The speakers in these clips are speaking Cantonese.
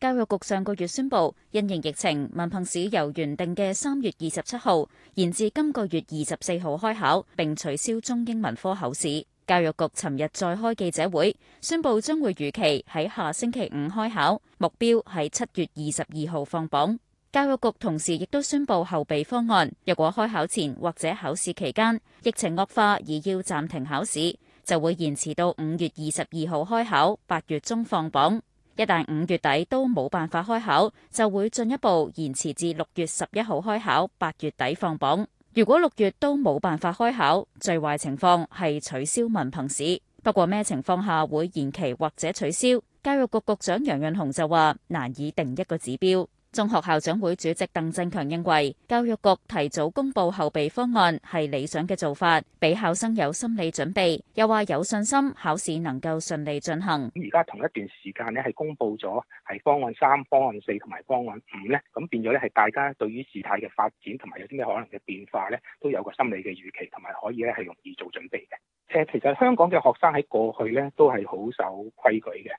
教育局上個月宣布，因應疫情，文憑試由原定嘅三月二十七號延至今個月二十四號開考，並取消中英文科考試。教育局尋日再開記者會，宣布將會如期喺下星期五開考，目標係七月二十二號放榜。教育局同時亦都宣布後備方案，若果開考前或者考試期間疫情惡化而要暫停考試，就會延遲到五月二十二號開考，八月中放榜。一旦五月底都冇辦法開考，就會進一步延遲至六月十一號開考，八月底放榜。如果六月都冇辦法開考，最壞情況，係取消文憑試。不過咩情況下會延期或者取消？教育局局長楊潤雄就話難以定一個指標。中學校長會主席鄧振強認為，教育局提早公布後備方案係理想嘅做法，俾考生有心理準備，又話有信心考試能夠順利進行。而家同一段時間呢，係公布咗係方案三、方案四同埋方案五咧，咁變咗咧係大家對於事態嘅發展同埋有啲咩可能嘅變化咧，都有個心理嘅預期，同埋可以咧係容易做準備嘅。誒，其實香港嘅學生喺過去咧都係好守規矩嘅。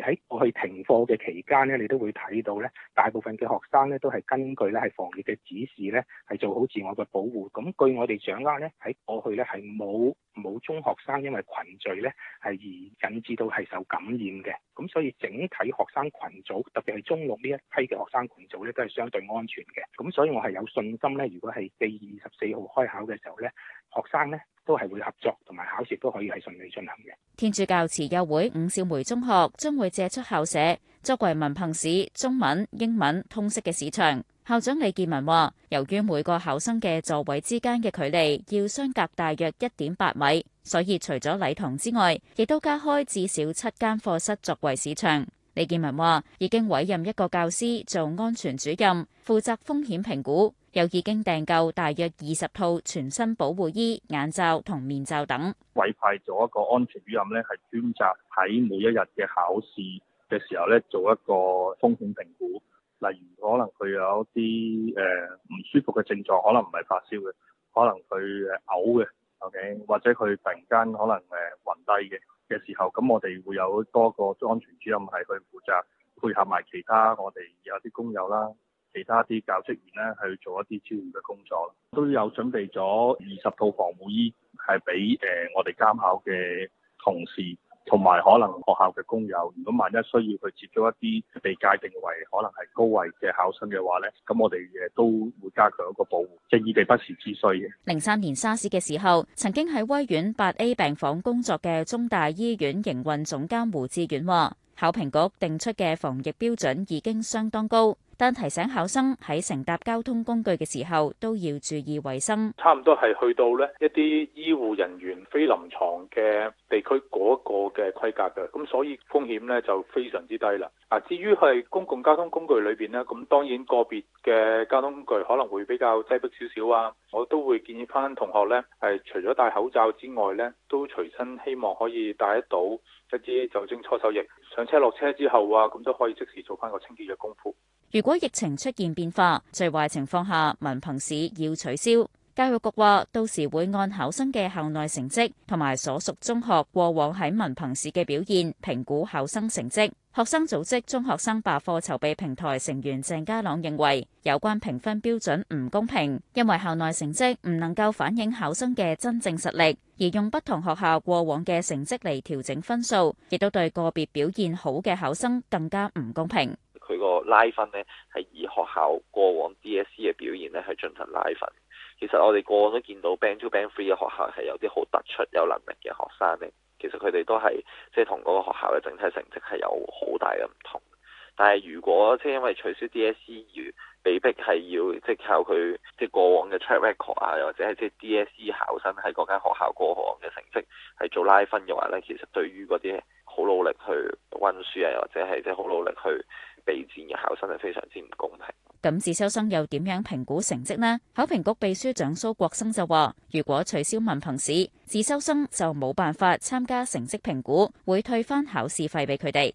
而喺過去停課嘅期間咧，你都會睇到咧，大部分嘅學生咧都係根據咧係防疫嘅指示咧，係做好自我嘅保護。咁據我哋掌握咧，喺過去咧係冇冇中學生因為群聚咧係而引致到係受感染嘅。咁所以整體學生群組，特別係中六呢一批嘅學生群組咧，都係相對安全嘅。咁所以我係有信心咧，如果係四月二十四號開考嘅時候咧，學生咧都係會合作，考試都可以係順利進行嘅。天主教慈幼會五少梅中學將會借出校舍，作為文憑試中文、英文通識嘅試場。校長李建文話，由於每個考生嘅座位之間嘅距離要相隔大約一點八米，所以除咗禮堂之外，亦都加開至少七間課室作為試場。李建文話，已經委任一個教師做安全主任，負責風險評估。又已經訂購大約二十套全身保護衣、眼罩同面罩等。委派咗一個安全主任咧，係專責喺每一日嘅考試嘅時候咧，做一個風險評估。例如可能佢有一啲誒唔舒服嘅症狀，可能唔係發燒嘅，可能佢誒嘔嘅，OK? 或者佢突然間可能誒暈低嘅嘅時候，咁我哋會有多個安全主任係去負責配合埋其他我哋有啲工友啦。其他啲教職員咧，去做一啲支援嘅工作，都有準備咗二十套防護衣，係俾誒我哋監考嘅同事同埋可能學校嘅工友。如果萬一需要去接觸一啲被界定為可能係高危嘅考生嘅話呢，咁我哋誒都會加強一個保護，即以備不時之需嘅。零三年沙士嘅時候，曾經喺威院八 A 病房工作嘅中大醫院營運總監胡志遠話：考評局定出嘅防疫標準已經相當高。但提醒考生喺乘搭交通工具嘅時候都要注意衛生，差唔多係去到咧一啲醫護人員非臨床嘅地區嗰個嘅規格嘅，咁所以風險咧就非常之低啦。啊，至於係公共交通工具裏邊咧，咁當然個別嘅交通工具可能會比較擠迫少少啊，我都會建議翻同學咧係除咗戴口罩之外咧，都隨身希望可以帶得到一啲酒精搓手液，上車落車之後啊，咁都可以即時做翻個清潔嘅功夫。如果疫情出現變化，最壞情況下文憑試要取消。教育局話，到時會按考生嘅校內成績同埋所屬中學過往喺文憑試嘅表現評估考生成績。學生組織中學生罷課籌備平台成員鄭家朗認為，有關評分標準唔公平，因為校內成績唔能夠反映考生嘅真正實力，而用不同學校過往嘅成績嚟調整分數，亦都對個別表現好嘅考生更加唔公平。佢個拉分呢，係以學校過往 DSE 嘅表現呢去進行拉分。其實我哋過往都見到 Band Two Band Three 嘅學校係有啲好突出有能力嘅學生呢，其實佢哋都係即係同嗰個學校嘅整體成績係有好大嘅唔同。但係如果即係因為取消 DSE 而被逼係要即係靠佢即係過往嘅 Track Record 啊，又或者係即係 DSE 考生喺嗰間學校過往嘅成績係做拉分嘅話呢，其實對於嗰啲好努力去溫書啊，或者係即係好努力去備戰嘅考生係非常之唔公平。咁自修生又點樣評估成績呢？考評局秘書長蘇國生就話，如果取消文憑試，自修生就冇辦法參加成績評估，會退翻考試費俾佢哋。